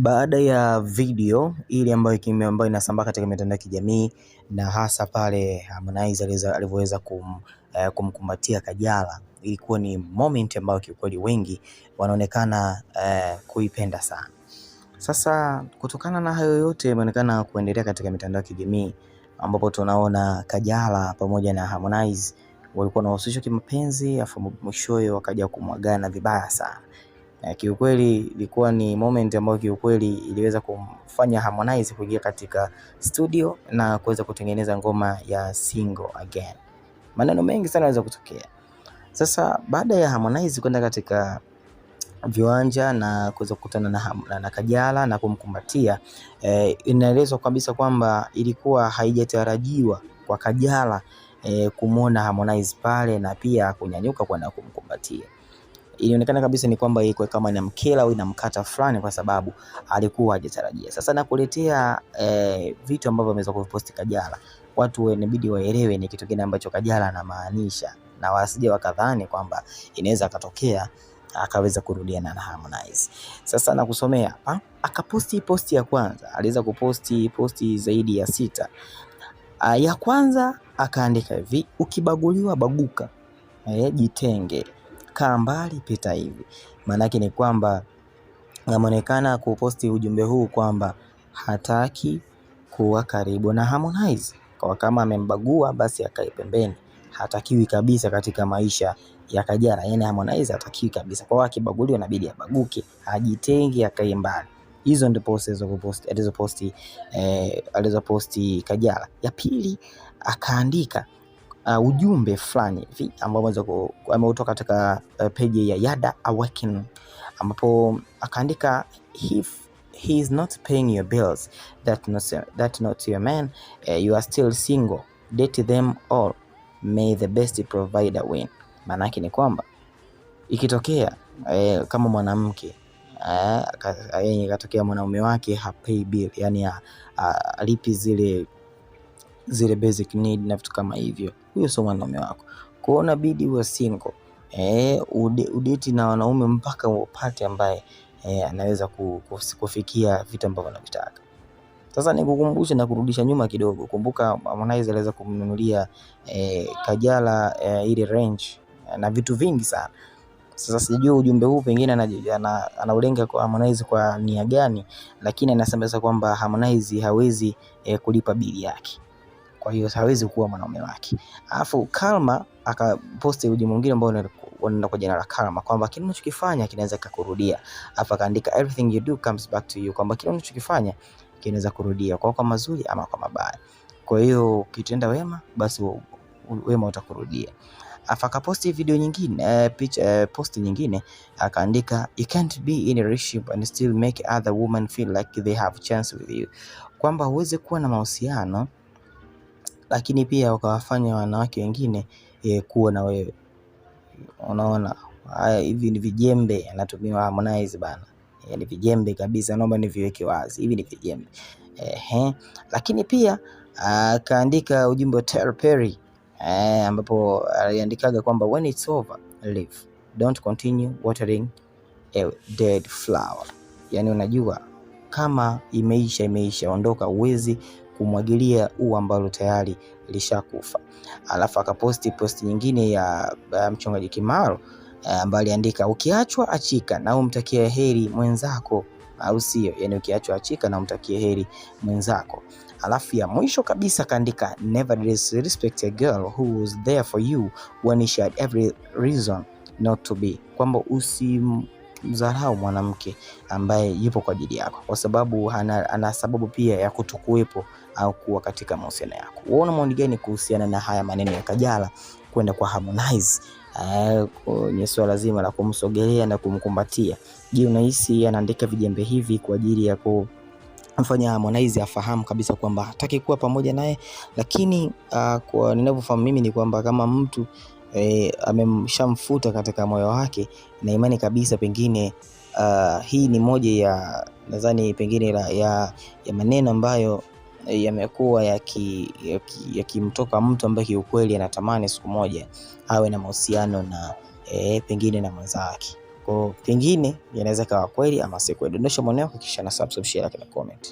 Baada ya video ile ambayo ambayo inasambaa katika mitandao ya kijamii na hasa pale Harmonize alivyoweza kum, eh, kumkumbatia Kajala, ilikuwa ni moment ambayo kiukweli wengi wanaonekana eh, kuipenda sana. Sasa kutokana na hayo yote imeonekana kuendelea katika mitandao ya kijamii ambapo tunaona Kajala pamoja na Harmonize walikuwa wanahusishwa kimapenzi, afu mwishowe wakaja kumwagana vibaya sana. Eh, kiukweli ilikuwa ni moment ambayo kiukweli iliweza kumfanya Harmonize kuingia katika studio na kuweza kutengeneza ngoma ya Single Again. Maneno mengi sana yanaweza kutokea. Sasa baada ya Harmonize kwenda katika viwanja na kuweza kukutana na, na, na Kajala na kumkumbatia eh, inaelezwa kabisa kwamba ilikuwa haijatarajiwa kwa Kajala eh, kumwona Harmonize pale na pia kunyanyuka kwenda kumkumbatia ilionekana kabisa ni kwamba yeye kama inamkela au inamkata fulani, kwa sababu alikuwa hajatarajia. Sasa nakuletea eh, vitu ambavyo ameweza kuviposti Kajala. Watu inabidi waelewe ni kitu gani ambacho Kajala anamaanisha, na wasije wakadhani kwamba inaweza akatokea akaweza kurudiana na Harmonize. Sasa nakusomea hapa, akaposti posti ya kwanza, aliweza kuposti posti zaidi ya sita. Ah, ya kwanza akaandika hivi, ukibaguliwa baguka, eh, jitenge kaa mbali, pita hivi. Maanake ni kwamba ameonekana kuposti ujumbe huu kwamba hataki kuwa karibu na Harmonize, kwa kama amembagua basi akae pembeni, hatakiwi kabisa katika maisha ya Kajala. Yani Harmonize hatakiwi kabisa, kwa akibaguliwa inabidi abaguke, ajitenge, akae mbali. Hizo ndio posti alizoposti alizoposti eh, Kajala. Ya pili akaandika uh, ujumbe fulani hivi ambao umetoka katika uh, peji ya Yada Awaken ambapo akaandika if he is not paying your bills that not, that not your man uh, you are still single date them all may the best provider win. Maana yake ni kwamba ikitokea uh, kama mwanamke uh, ikatokea mwanaume wake hapei bill, yani uh, alipi zile zile basic need na vitu kama hivyo huyo sio mwanaume wako. Kwa hiyo inabidi uwe single. Eh, ude, udeti na wanaume mpaka upate ambaye eh, anaweza kufikia vitu ambavyo anavitaka. Sasa nikukumbushe na kurudisha nyuma kidogo. Kumbuka Harmonize aliweza kumnunulia eh, Kajala eh, ile range eh, na vitu vingi sana. Sasa sijui ujumbe huu pengine anaulenga kwa Harmonize kwa nia gani, lakini anasemeza kwamba Harmonize hawezi eh, kulipa bili yake kwa hiyo hawezi kuwa mwanaume wake. Alafu Kalma akaposti ujumbe mwingine ambao unaenda kwa jina la Kalma kwamba kile unachokifanya kinaweza kikakurudia. Alafu akaandika everything you do comes back to you, kwamba kile unachokifanya kinaweza kurudia kwa kwa mazuri ama kwa mabaya. Kwa hiyo ukitenda wema basi wema utakurudia. Alafu akaposti video nyingine, uh, picha, uh, eh, posti nyingine akaandika you can't be in a relationship and still make other women feel like they have chance with you, kwamba huwezi kuwa na mahusiano lakini pia wakawafanya wanawake wengine e, kuwa na wewe. Unaona hivi ni vijembe anatumiwa Harmonize bana, e, ni vijembe kabisa, naomba niviweke wazi, hivi ni vijembe ehe. Lakini pia akaandika ujumbe wa Tyler Perry e, ambapo aliandikaga kwamba when it's over leave don't continue watering a dead flower, yani unajua kama imeisha imeisha, ondoka, uwezi kumwagilia ua ambalo tayari lishakufa. Alafu akaposti posti nyingine ya mchungaji Kimaro eh, ambaye aliandika ukiachwa achika na umtakie heri mwenzako au sio? Yani, ukiachwa achika na umtakie heri mwenzako. Alafu ya mwisho kabisa kaandika never disrespect a girl who was there for you when she had every reason not to be, kwamba usim mdharau mwanamke ambaye yupo kwa ajili yako, kwa sababu ana, ana sababu pia ya kutokuwepo au kuwa katika mahusiano yako. Wewe una maoni gani kuhusiana na haya maneno ya Kajala kwenda kwa Harmonize eh, kwenye swala zima la kumsogelea na kumkumbatia? Je, unahisi anaandika vijembe hivi kwa ajili ya ku mfanya Harmonize afahamu kabisa kwamba hataki kuwa pamoja naye, lakini uh, kwa ninavyofahamu mimi ni kwamba kama mtu e, amemshamfuta katika moyo wake, na imani kabisa pengine uh, hii ni moja ya nadhani pengine la, ya, ya maneno ambayo yamekuwa yakimtoka ya ya mtu ambaye kiukweli anatamani siku moja awe na mahusiano na e, pengine na mwenza wake Kwa pengine yanaweza kawa kweli ama si kweli. Dondosha maoni yako kisha na subscribe, share na comment.